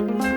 Bye.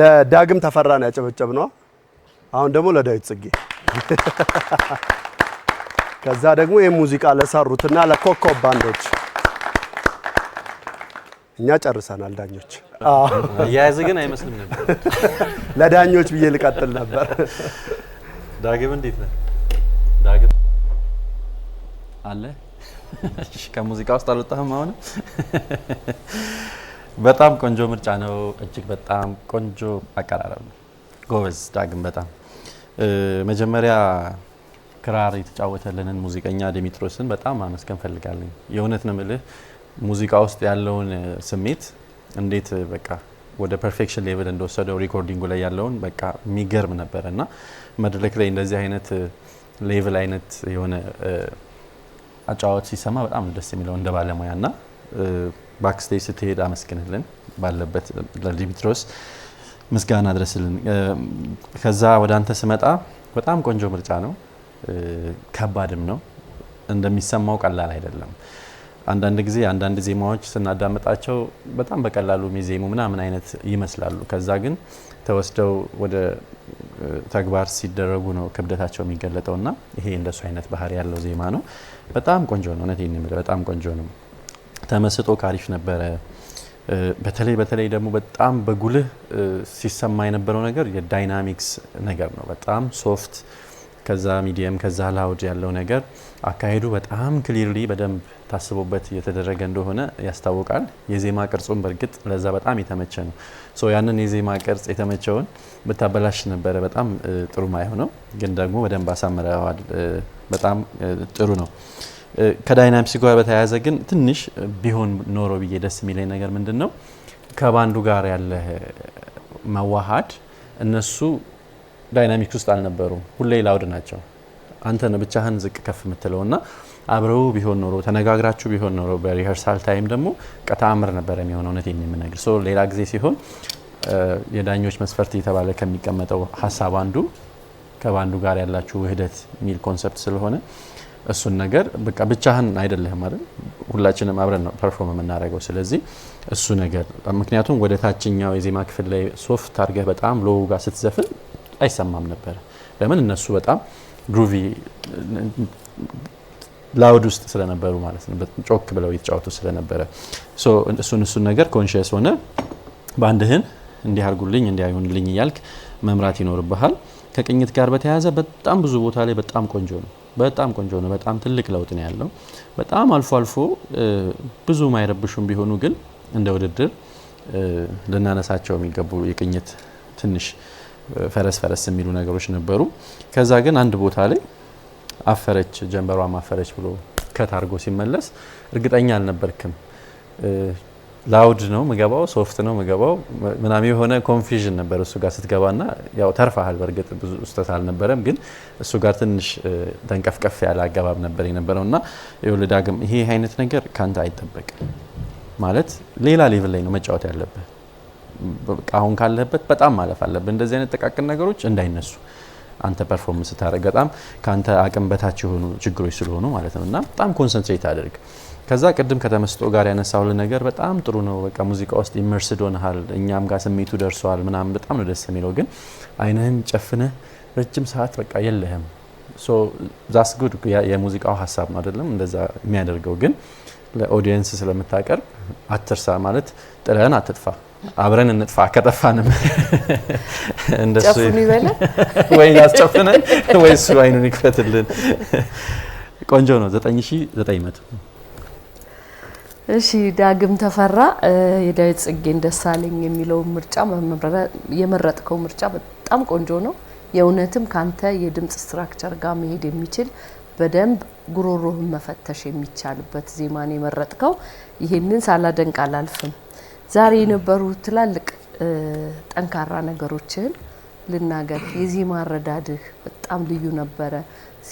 ለዳግም ተፈራ ነው ያጨበጨብ ነው። አሁን ደግሞ ለዳዊት ጽጌ፣ ከዛ ደግሞ ይህ ሙዚቃ ለሰሩትና ለኮከብ ባንዶች እኛ ጨርሰናል። ዳኞች የያዘ ግን አይመስልም ነበር። ለዳኞች ብዬ ልቀጥል ነበር። ዳግም እንዴት ነህ? ዳግም አለ ከሙዚቃ ውስጥ አልወጣህም አሁንም በጣም ቆንጆ ምርጫ ነው። እጅግ በጣም ቆንጆ አቀራረብ ነው። ጎበዝ ዳግም። በጣም መጀመሪያ ክራር የተጫወተልንን ሙዚቀኛ ዲሚትሮስን በጣም ማመስገን ፈልጋለኝ። የእውነት ነው ምልህ ሙዚቃ ውስጥ ያለውን ስሜት እንዴት በቃ ወደ ፐርፌክሽን ሌቭል እንደወሰደው ሪኮርዲንጉ ላይ ያለውን በቃ የሚገርም ነበረ እና መድረክ ላይ እንደዚህ አይነት ሌቭል አይነት የሆነ አጫወት ሲሰማ በጣም ደስ የሚለው እንደ ባለሙያ ና ባክስቴጅ ስትሄድ አመስግንልን፣ ባለበት ለዲሚትሮስ ምስጋና ድረስልን። ከዛ ወደ አንተ ስመጣ በጣም ቆንጆ ምርጫ ነው፣ ከባድም ነው። እንደሚሰማው ቀላል አይደለም። አንዳንድ ጊዜ አንዳንድ ዜማዎች ስናዳምጣቸው በጣም በቀላሉ የሚዜሙ ምናምን አይነት ይመስላሉ። ከዛ ግን ተወስደው ወደ ተግባር ሲደረጉ ነው ክብደታቸው የሚገለጠውና ይሄ እንደሱ አይነት ባህሪ ያለው ዜማ ነው። በጣም ቆንጆ ነው። እውነቴን በጣም ቆንጆ ነው። ተመስጦ ካሪፍ ነበረ። በተለይ በተለይ ደግሞ በጣም በጉልህ ሲሰማ የነበረው ነገር የዳይናሚክስ ነገር ነው። በጣም ሶፍት ከዛ ሚዲየም ከዛ ላውድ ያለው ነገር አካሄዱ በጣም ክሊርሊ በደንብ ታስቦበት እየተደረገ እንደሆነ ያስታውቃል። የዜማ ቅርጹን በእርግጥ ለዛ በጣም የተመቸ ነው። ሶ ያንን የዜማ ቅርጽ የተመቸውን ብታበላሽ ነበረ በጣም ጥሩ ማይሆነው፣ ግን ደግሞ በደንብ አሳምረዋል። በጣም ጥሩ ነው። ከዳይናሚክስ ጋር በተያያዘ ግን ትንሽ ቢሆን ኖሮ ብዬ ደስ የሚለኝ ነገር ምንድን ነው ከባንዱ ጋር ያለ መዋሃድ እነሱ ዳይናሚክስ ውስጥ አልነበሩም። ሁሌ ላውድ ናቸው። አንተ ነው ብቻህን ዝቅ ከፍ የምትለው እና አብረው ቢሆን ኖሮ ተነጋግራችሁ ቢሆን ኖሮ በሪሀርሳል ታይም ደግሞ ቀታምር ነበር የሚሆነ እውነት የምነግር ሰው ሌላ ጊዜ ሲሆን የዳኞች መስፈርት እየተባለ ከሚቀመጠው ሀሳብ አንዱ ከባንዱ ጋር ያላችሁ ውህደት የሚል ኮንሰፕት ስለሆነ እሱን ነገር በቃ ብቻህን አይደለህም አይደል? ሁላችንም አብረን ነው ፐርፎርም የምናደርገው። ስለዚህ እሱ ነገር ምክንያቱም ወደ ታችኛው የዜማ ክፍል ላይ ሶፍት አድርገህ በጣም ሎው ጋር ስትዘፍን አይሰማም ነበረ። ለምን እነሱ በጣም ግሩቪ ላውድ ውስጥ ስለነበሩ ማለት ነው፣ ጮክ ብለው የተጫወቱ ስለነበረ እሱን እሱን ነገር ኮንሽስ ሆነ በአንድህን እንዲህ አርጉልኝ እንዲህ እያልክ መምራት ይኖርብሃል። ከቅኝት ጋር በተያያዘ በጣም ብዙ ቦታ ላይ በጣም ቆንጆ ነው። በጣም ቆንጆ ነው። በጣም ትልቅ ለውጥ ነው ያለው። በጣም አልፎ አልፎ ብዙ ማይረብሹም ቢሆኑ ግን እንደ ውድድር ልናነሳቸው የሚገቡ የቅኝት ትንሽ ፈረስ ፈረስ የሚሉ ነገሮች ነበሩ። ከዛ ግን አንድ ቦታ ላይ አፈረች፣ ጀንበሯ ማፈረች ብሎ ከታርጎ ሲመለስ እርግጠኛ አልነበርክም። ላውድ ነው ምገባው፣ ሶፍት ነው ምገባው ምናምን የሆነ ኮንፊዥን ነበር እሱ ጋር ስትገባና ያው ተርፋሃል። በእርግጥ ብዙ ውስተት አልነበረም፣ ግን እሱ ጋር ትንሽ ተንቀፍቀፍ ያለ አገባብ ነበር የነበረው እና የወልዳግም ይሄ አይነት ነገር ካንተ አይጠበቅም ማለት ሌላ ሌቭል ላይ ነው መጫወት ያለብህ። አሁን ካለህበት በጣም ማለፍ አለብህ። እንደዚህ አይነት ጥቃቅን ነገሮች እንዳይነሱ አንተ ፐርፎርመንስ ስታደርግ በጣም ከአንተ አቅም በታች የሆኑ ችግሮች ስለሆኑ ማለት ነው እና በጣም ኮንሰንትሬት አድርግ። ከዛ ቅድም ከተመስጦ ጋር ያነሳውል ነገር በጣም ጥሩ ነው። በቃ ሙዚቃ ውስጥ ኢመርስድ ሆነሃል፣ እኛም ጋር ስሜቱ ደርሷል ምናምን በጣም ነው ደስ የሚለው። ግን አይንህን ጨፍነህ ረጅም ሰዓት በቃ የለህም። ሶ ዛስ ጉድ የሙዚቃው ሀሳብ ነው አይደለም እንደዛ የሚያደርገው ግን ለኦዲየንስ ስለምታቀርብ አትርሳ ማለት ጥለን አትጥፋ፣ አብረን እንጥፋ። ከጠፋንም እንደሱ ወይ ያስጨፍነን ወይ እሱ አይኑን ይክፈትልን። ቆንጆ ነው። 9900 እሺ ዳግም ተፈራ የዳዊት ጽጌን ደሳለኝ የሚለው ምርጫ የመረጥከው ምርጫ በጣም ቆንጆ ነው። የእውነትም ካንተ የድምጽ ስትራክቸር ጋር መሄድ የሚችል በደንብ ጉሮሮህን መፈተሽ የሚቻልበት ዜማን የመረጥከው። ይህንን ሳላደንቅ አላልፍም። ዛሬ የነበሩ ትላልቅ ጠንካራ ነገሮችን ልናገር። የዜማ አረዳድህ በጣም ልዩ ነበረ።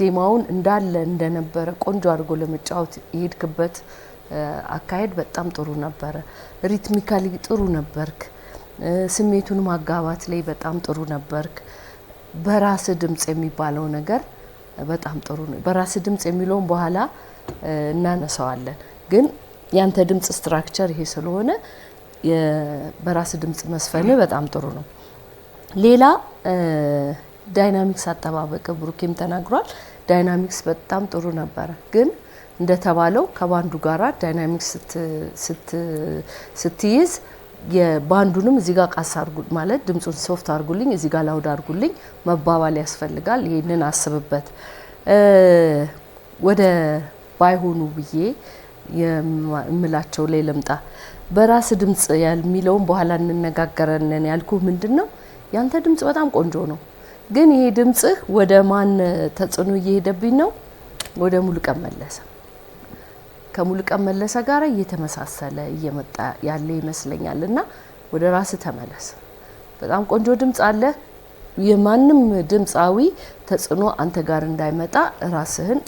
ዜማውን እንዳለ እንደነበረ ቆንጆ አድርጎ ለመጫወት የሄድክበት አካሄድ በጣም ጥሩ ነበረ። ሪትሚካሊ ጥሩ ነበርክ። ስሜቱን ማጋባት ላይ በጣም ጥሩ ነበርክ። በራስ ድምጽ የሚባለው ነገር በጣም ጥሩ ነው። በራስ ድምፅ የሚለውን በኋላ እናነሳዋለን። ግን ያንተ ድምፅ ስትራክቸር ይሄ ስለሆነ በራስ ድምፅ መስፈን በጣም ጥሩ ነው። ሌላ ዳይናሚክስ አጠባበቅ ብሩኬም ተናግሯል። ዳይናሚክስ በጣም ጥሩ ነበረ ግን እንደተባለው ከባንዱ ጋራ ዳይናሚክስ ስትይዝ የባንዱንም እዚህ ጋር ቃስ አርጉ ማለት ድምፁን ሶፍት አርጉልኝ፣ እዚህ ጋር ላውድ አርጉልኝ መባባል ያስፈልጋል። ይህንን አስብበት። ወደ ባይሆኑ ብዬ የምላቸው ላይ ልምጣ። በራስ ድምፅ የሚለውን በኋላ እንነጋገረንን ያልኩ ምንድን ነው ያንተ ድምፅ በጣም ቆንጆ ነው፣ ግን ይሄ ድምፅህ ወደ ማን ተጽዕኖ እየሄደብኝ ነው? ወደ ሙሉቀን መለሰ። ከሙሉቀን መለሰ ጋር እየተመሳሰለ እየመጣ ያለ ይመስለኛል። እና ወደ ራስ ተመለስ። በጣም ቆንጆ ድምፅ አለ። የማንም ድምፃዊ ተጽዕኖ አንተ ጋር እንዳይመጣ ራስህን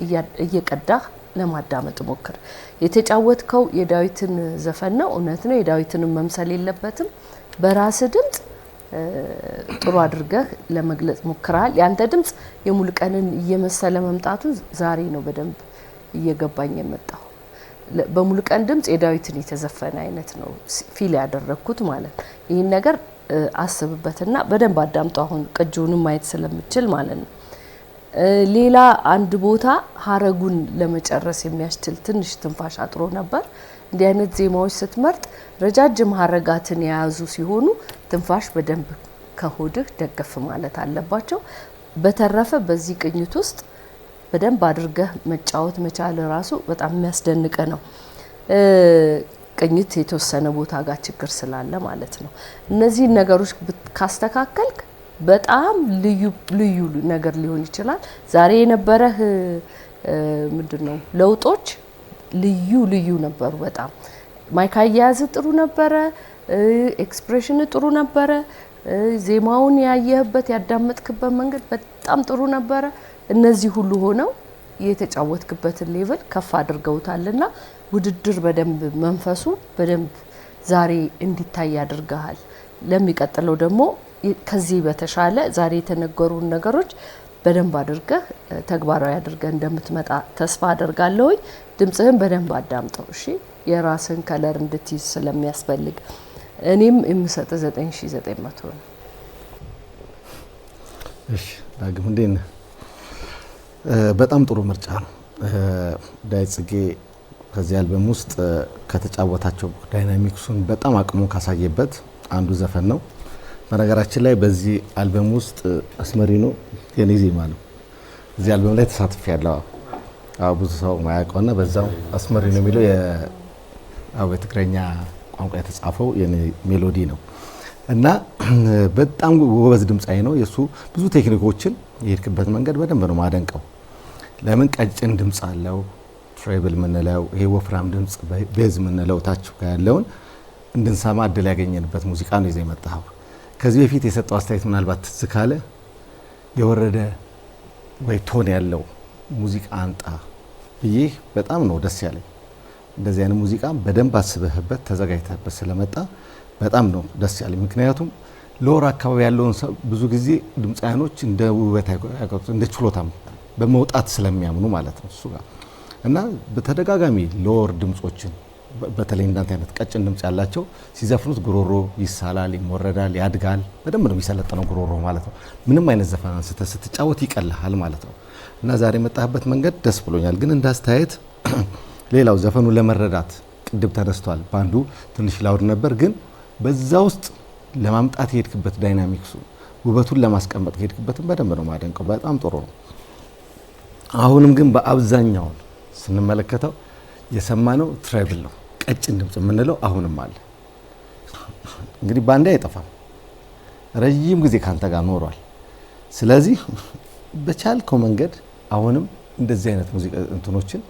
እየቀዳህ ለማዳመጥ ሞክር። የተጫወትከው የዳዊትን ዘፈን ነው፣ እውነት ነው። የዳዊትንም መምሰል የለበትም። በራስ ድምፅ ጥሩ አድርገህ ለመግለጽ ሞክረሃል። ያንተ ድምፅ የሙሉቀንን እየመሰለ መምጣቱ ዛሬ ነው በደንብ እየገባኝ የመጣው። ቀን ድምጽ የዳዊትን የተዘፈነ አይነት ነው ፊል ያደረግኩት ማለት ነው። ይህን ነገር አስብበትና በደንብ አዳምጦ አሁን ቅጂውንም ማየት ስለምችል ማለት ነው። ሌላ አንድ ቦታ ሀረጉን ለመጨረስ የሚያስችል ትንሽ ትንፋሽ አጥሮ ነበር። እንዲህ አይነት ዜማዎች ስትመርጥ ረጃጅም ሀረጋትን የያዙ ሲሆኑ ትንፋሽ በደንብ ከሆድህ ደገፍ ማለት አለባቸው። በተረፈ በዚህ ቅኝት ውስጥ በደንብ አድርገህ መጫወት መቻል ራሱ በጣም የሚያስደንቀ ነው። ቅኝት የተወሰነ ቦታ ጋር ችግር ስላለ ማለት ነው። እነዚህን ነገሮች ካስተካከልክ በጣም ልዩ ልዩ ነገር ሊሆን ይችላል። ዛሬ የነበረህ ምንድን ነው ለውጦች ልዩ ልዩ ነበሩ። በጣም ማይክ አያያዝ ጥሩ ነበረ። ኤክስፕሬሽን ጥሩ ነበረ። ዜማውን ያየህበት ያዳመጥክበት መንገድ በጣም ጥሩ ነበረ። እነዚህ ሁሉ ሆነው የተጫወትክበትን ሌቭል ከፍ አድርገውታልና ውድድር በደንብ መንፈሱ በደንብ ዛሬ እንዲታይ አድርገሃል። ለሚቀጥለው ደግሞ ከዚህ በተሻለ ዛሬ የተነገሩን ነገሮች በደንብ አድርገህ ተግባራዊ አድርገህ እንደምትመጣ ተስፋ አድርጋለሁኝ። ድምጽህን በደንብ አዳምጠው እሺ፣ የራስህን ከለር እንድትይዝ ስለሚያስፈልግ እኔም የምሰጥ 9900 ነው። እሺ ዳግም እንዴት ነህ? በጣም ጥሩ ምርጫ ነው። ዳዊት ጽጌ ከዚህ አልበም ውስጥ ከተጫወታቸው ዳይናሚክሱን በጣም አቅሙ ካሳየበት አንዱ ዘፈን ነው። በነገራችን ላይ በዚህ አልበም ውስጥ አስመሪኖ የኔ ዜማ ነው። እዚህ አልበም ላይ ተሳትፍ ያለው አዎ፣ ብዙ ሰው ማያውቀውና በዛው አስመሪኖ የሚለው የትግረኛ ቋንቋ የተጻፈው የኔ ሜሎዲ ነው። እና በጣም ጎበዝ ድምፃዊ ነው። የእሱ ብዙ ቴክኒኮችን የሄድክበት መንገድ በደንብ ነው ማደንቀው። ለምን ቀጭን ድምፅ አለው ትሬብል የምንለው ይሄ ወፍራም ድምፅ ቤዝ የምንለው ታች ያለውን እንድንሰማ እድል ያገኘንበት ሙዚቃ ነው ይዘ የመጣው ከዚህ በፊት የሰጠው አስተያየት ምናልባት ትዝ ካለ የወረደ ወይ ቶን ያለው ሙዚቃ አንጣ ብዬ በጣም ነው ደስ ያለኝ። እንደዚህ አይነት ሙዚቃ በደንብ አስበህበት ተዘጋጅተህበት ስለመጣ በጣም ነው ደስ ያለ። ምክንያቱም ሎር አካባቢ ያለውን ብዙ ጊዜ ድምፃያኖች እንደ ውበት አይቀሩት እንደ ችሎታም በመውጣት ስለሚያምኑ ማለት ነው እሱ ጋር እና በተደጋጋሚ ሎር ድምፆችን በተለይ እንዳንተ አይነት ቀጭን ድምጽ ያላቸው ሲዘፍኑት ጉሮሮ ይሳላል፣ ይሞረዳል፣ ያድጋል። በደንብ ነው የሚሰለጥነው ጉሮሮ ማለት ነው። ምንም አይነት ዘፈን አንስተ ስትጫወት ይቀልሃል ማለት ነው እና ዛሬ የመጣህበት መንገድ ደስ ብሎኛል። ግን እንዳስተያየት ሌላው ዘፈኑ ለመረዳት ቅድም ተነስቷል። በአንዱ ትንሽ ላውድ ነበር ግን በዛ ውስጥ ለማምጣት የሄድክበት ዳይናሚክሱ ውበቱን ለማስቀመጥ ሄድክበትን በደንብ ነው ማደንቀው። በጣም ጥሩ ነው። አሁንም ግን በአብዛኛውን ስንመለከተው የሰማነው ትራይብል ነው፣ ቀጭን ድምጽ የምንለው አሁንም አለ። እንግዲህ ባንዴ አይጠፋም፣ ረዥም ጊዜ ካንተ ጋር ኖሯል። ስለዚህ በቻልከው መንገድ አሁንም እንደዚህ አይነት ሙዚቃ እንትኖችን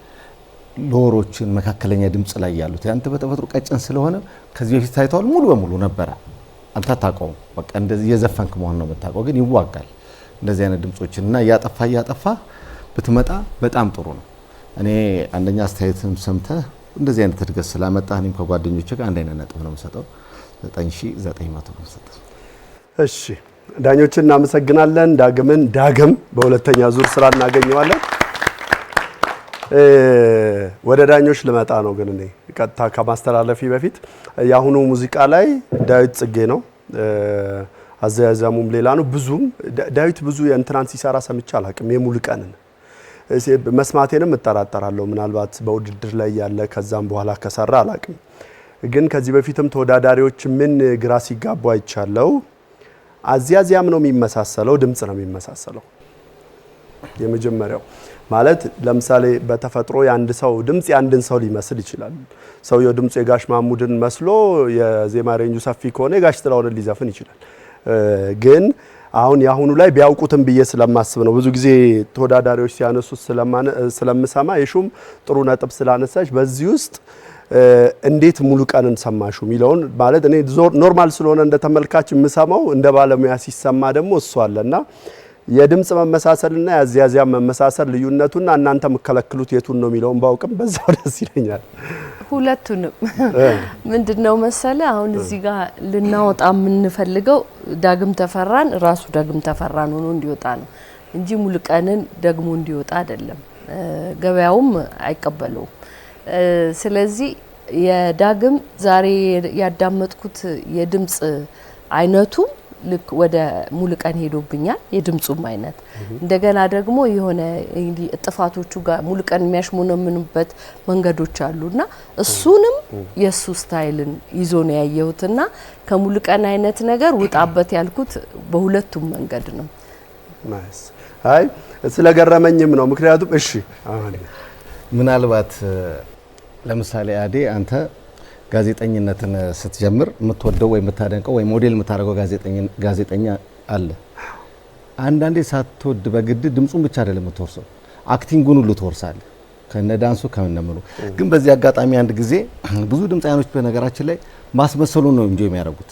ሎወሮችን መካከለኛ ድምፅ ላይ ያሉት ያንተ በተፈጥሮ ቀጭን ስለሆነ ከዚህ በፊት ታይተዋል። ሙሉ በሙሉ ነበረ። አንተ አታውቀውም። በቃ እንደዚህ የዘፈንክ መሆን ነው የምታውቀው፣ ግን ይዋጋል እንደዚህ አይነት ድምጾችና እና እያጠፋ እያጠፋ ብትመጣ በጣም ጥሩ ነው። እኔ አንደኛ አስተያየትም ሰምተህ እንደዚህ አይነት እድገት ስላመጣ እኔም ከጓደኞቼ ጋር አንድ አይነት ነጥብ ነው የምሰጠው። 9900 ነው እሺ ዳኞችን እናመሰግናለን። ዳግምን ዳግም በሁለተኛ ዙር ስራ እናገኘዋለን። ወደ ዳኞች ልመጣ ነው። ግን እኔ ቀጥታ ከማስተላለፊ በፊት የአሁኑ ሙዚቃ ላይ ዳዊት ጽጌ ነው አዘያዘሙም ሌላ ነው። ብዙም ዳዊት ብዙ የእንትናን ሲሰራ ሰምቼ አላቅም። የሙሉቀንን መስማቴንም እጠራጠራለሁ። ምናልባት በውድድር ላይ ያለ ከዛም በኋላ ከሰራ አላቅም። ግን ከዚህ በፊትም ተወዳዳሪዎች ምን ግራ ሲጋቡ አይቻለው። አዚያዚያም ነው የሚመሳሰለው፣ ድምፅ ነው የሚመሳሰለው የመጀመሪያው ማለት ለምሳሌ በተፈጥሮ የአንድ ሰው ድምፅ የአንድን ሰው ሊመስል ይችላል። ሰውየው ድምፁ የጋሽ ማሙድን መስሎ የዜማ ሬንጁ ሰፊ ከሆነ የጋሽ ጥላሁንን ሊዘፍን ይችላል። ግን አሁን የአሁኑ ላይ ቢያውቁትም ብዬ ስለማስብ ነው። ብዙ ጊዜ ተወዳዳሪዎች ሲያነሱት ስለምሰማ የሹም ጥሩ ነጥብ ስላነሳች በዚህ ውስጥ እንዴት ሙሉ ቀንን ሰማሹ የሚለውን ማለት እኔ ኖርማል ስለሆነ እንደ ተመልካች የምሰማው እንደ ባለሙያ ሲሰማ ደግሞ እሷ አለና የድምፅ መመሳሰልና የአዝያዝያ መመሳሰል ልዩነቱና እናንተ የምከለክሉት የቱን ነው የሚለውን ባውቅም በዛው ደስ ይለኛል። ሁለቱንም ምንድን ነው መሰለ አሁን እዚህ ጋር ልናወጣ የምንፈልገው ዳግም ተፈራን ራሱ ዳግም ተፈራን ሆኖ እንዲወጣ ነው እንጂ ሙሉቀንን ደግሞ እንዲወጣ አይደለም። ገበያውም አይቀበለውም። ስለዚህ የዳግም ዛሬ ያዳመጥኩት የድምፅ አይነቱ ልክ ወደ ሙሉቀን ሄዶብኛል የድምፁም አይነት እንደገና ደግሞ የሆነ ጥፋቶቹ ጋር ሙሉቀን የሚያሽሞነምኑበት መንገዶች አሉና እሱንም የእሱ ስታይልን ይዞ ነው ያየሁትና ከሙሉቀን አይነት ነገር ውጣበት ያልኩት በሁለቱም መንገድ ነው። አይ ስለገረመኝም ነው። ምክንያቱም እሺ ምናልባት ለምሳሌ አዴ አንተ ጋዜጠኝነትን ስትጀምር የምትወደው ወይ የምታደንቀው ወይ ሞዴል የምታደርገው ጋዜጠኛ አለ። አንዳንዴ ሳትወድ በግድ ድምፁን ብቻ አይደለም የምትወርሰው፣ አክቲንጉን ሁሉ ትወርሳለህ፣ ከነ ዳንሱ ከምነምኑ። ግን በዚህ አጋጣሚ አንድ ጊዜ ብዙ ድምፃያኖች በነገራችን ላይ ማስመሰሉን ነው እንጂ የሚያደርጉት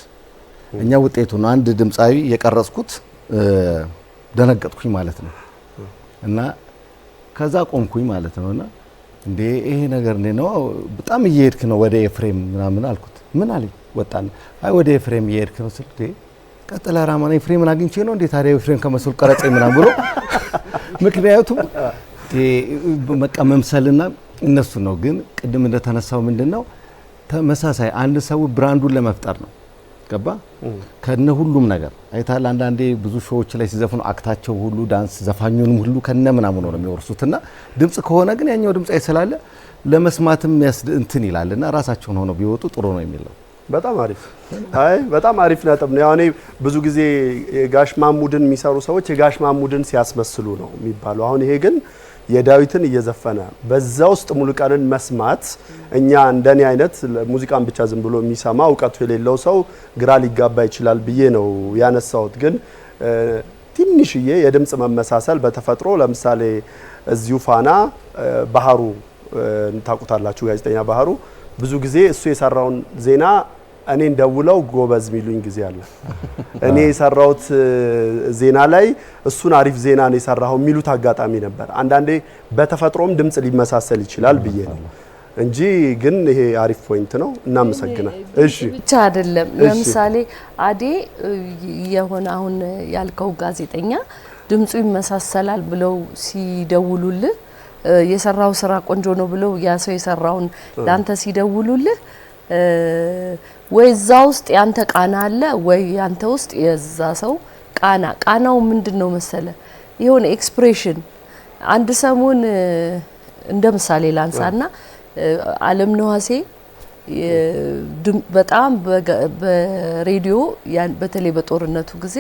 እኛ ውጤቱ ነው። አንድ ድምፃዊ የቀረጽኩት ደነገጥኩኝ ማለት ነው እና ከዛ ቆምኩኝ ማለት እና እንዴ ይሄ ነገር እንዴ ነው? በጣም እየሄድክ ነው ወደ ኤፍሬም ምናምን አልኩት። ምን አለኝ ወጣን። አይ ወደ ኤፍሬም እየሄድክ ነው ስል ቀጥላ ራማን ኤፍሬምን አግኝቼ ነው እንዴ ታዲያ ኤፍሬም ቀረጸኝ ብሎ ምክንያቱም እነሱ ነው። ግን ቅድም እንደተነሳው ምንድን ነው ተመሳሳይ አንድ ሰው ብራንዱን ለመፍጠር ነው ገባ ከነ ሁሉም ነገር አይታል። አንዳንዴ ብዙ ሾዎች ላይ ሲዘፍኑ አክታቸው ሁሉ ዳንስ፣ ዘፋኙንም ሁሉ ከነ ምናምን ነው የሚወርሱትና ድምጽ ከሆነ ግን ያኛው ድምጽ አይስላለ ለመስማትም ያስድ እንትን ይላልና ራሳቸውን ሆነው ቢወጡ ጥሩ ነው የሚለው በጣም አሪፍ አይ በጣም አሪፍ ነጥብ ነው። ያው እኔ ብዙ ጊዜ የጋሽ ማሙድን የሚሰሩ ሰዎች የጋሽ ማሙድን ሲያስመስሉ ነው የሚባለው። አሁን ይሄ ግን የዳዊትን እየዘፈነ በዛ ውስጥ ሙሉቀንን መስማት እኛ እንደኔ አይነት ሙዚቃን ብቻ ዝም ብሎ የሚሰማ እውቀቱ የሌለው ሰው ግራ ሊጋባ ይችላል ብዬ ነው ያነሳሁት። ግን ትንሽዬ የድምፅ መመሳሰል በተፈጥሮ ለምሳሌ እዚሁ ፋና ባህሩ ታውቁታላችሁ፣ ጋዜጠኛ ባህሩ ብዙ ጊዜ እሱ የሰራውን ዜና እኔን ደውለው ጎበዝ ሚሉኝ ጊዜ አለ። እኔ የሰራሁት ዜና ላይ እሱን አሪፍ ዜና ነው የሰራው የሚሉት አጋጣሚ ነበር። አንዳንዴ በተፈጥሮም ድምጽ ሊመሳሰል ይችላል ብዬ ነው እንጂ ግን ይሄ አሪፍ ፖይንት ነው። እናመሰግናል። እሺ ብቻ አይደለም። ለምሳሌ አዴ የሆነ አሁን ያልከው ጋዜጠኛ ድምፁ ይመሳሰላል ብለው ሲደውሉልህ የሰራው ስራ ቆንጆ ነው ብለው ያ ሰው የሰራውን ለአንተ ሲደውሉልህ ወይ እዛ ውስጥ ያንተ ቃና አለ ወይ ያንተ ውስጥ የዛ ሰው ቃና። ቃናው ምንድን ነው መሰለ የሆነ ኤክስፕሬሽን። አንድ ሰሞን እንደ ምሳሌ ላንሳና አለም ነዋሴ በጣም በሬዲዮ በተለይ በጦርነቱ ጊዜ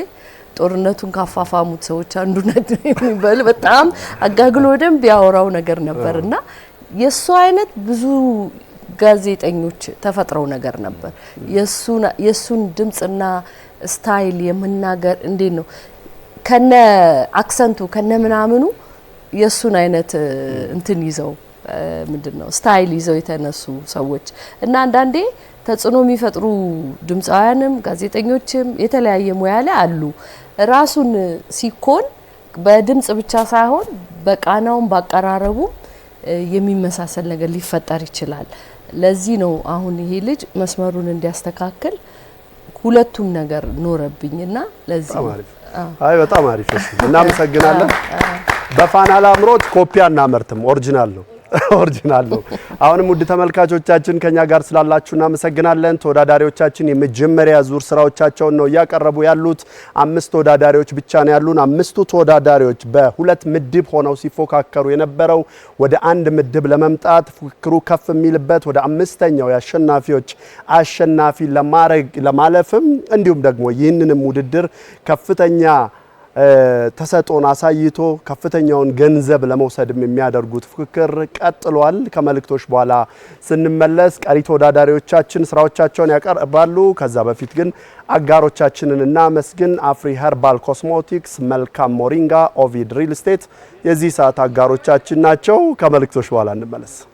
ጦርነቱን ካፋፋሙት ሰዎች አንዱ የሚባል በጣም አጋግሎ ደንብ ያወራው ነገር ነበር እና የእሱ አይነት ብዙ ጋዜጠኞች ተፈጥረው ነገር ነበር። የእሱን ድምፅና ስታይል የመናገር እንዴት ነው ከነ አክሰንቱ ከነ ምናምኑ የእሱን አይነት እንትን ይዘው ምንድን ነው ስታይል ይዘው የተነሱ ሰዎች እና አንዳንዴ ተጽዕኖ የሚፈጥሩ ድምፃውያንም ጋዜጠኞችም የተለያየ ሙያ ላይ አሉ። ራሱን ሲኮን በድምፅ ብቻ ሳይሆን በቃናውም በአቀራረቡም የሚመሳሰል ነገር ሊፈጠር ይችላል። ለዚህ ነው አሁን ይሄ ልጅ መስመሩን እንዲያስተካክል ሁለቱም ነገር ኖረብኝና ለዚህ አይ በጣም አሪፍ እናመሰግናለን። በፋና ላምሮት ኮፒያ እናመርትም ኦሪጂናል ነው። ኦሪጂናል ነው። አሁንም ውድ ተመልካቾቻችን ከኛ ጋር ስላላችሁ እናመሰግናለን። ተወዳዳሪዎቻችን የመጀመሪያ ዙር ስራዎቻቸውን ነው እያቀረቡ ያሉት። አምስት ተወዳዳሪዎች ብቻ ነው ያሉን። አምስቱ ተወዳዳሪዎች በሁለት ምድብ ሆነው ሲፎካከሩ የነበረው ወደ አንድ ምድብ ለመምጣት ፉክክሩ ከፍ የሚልበት ወደ አምስተኛው የአሸናፊዎች አሸናፊ ለማለፍም እንዲሁም ደግሞ ይህንንም ውድድር ከፍተኛ ተሰጦን አሳይቶ ከፍተኛውን ገንዘብ ለመውሰድም የሚያደርጉት ፉክክር ቀጥሏል። ከመልእክቶች በኋላ ስንመለስ ቀሪ ተወዳዳሪዎቻችን ስራዎቻቸውን ያቀርባሉ። ከዛ በፊት ግን አጋሮቻችንን እናመስግን። አፍሪ ኸርባል ኮስሞቲክስ፣ መልካም ሞሪንጋ፣ ኦቪድ ሪል ስቴት የዚህ ሰዓት አጋሮቻችን ናቸው። ከመልእክቶች በኋላ እንመለስ።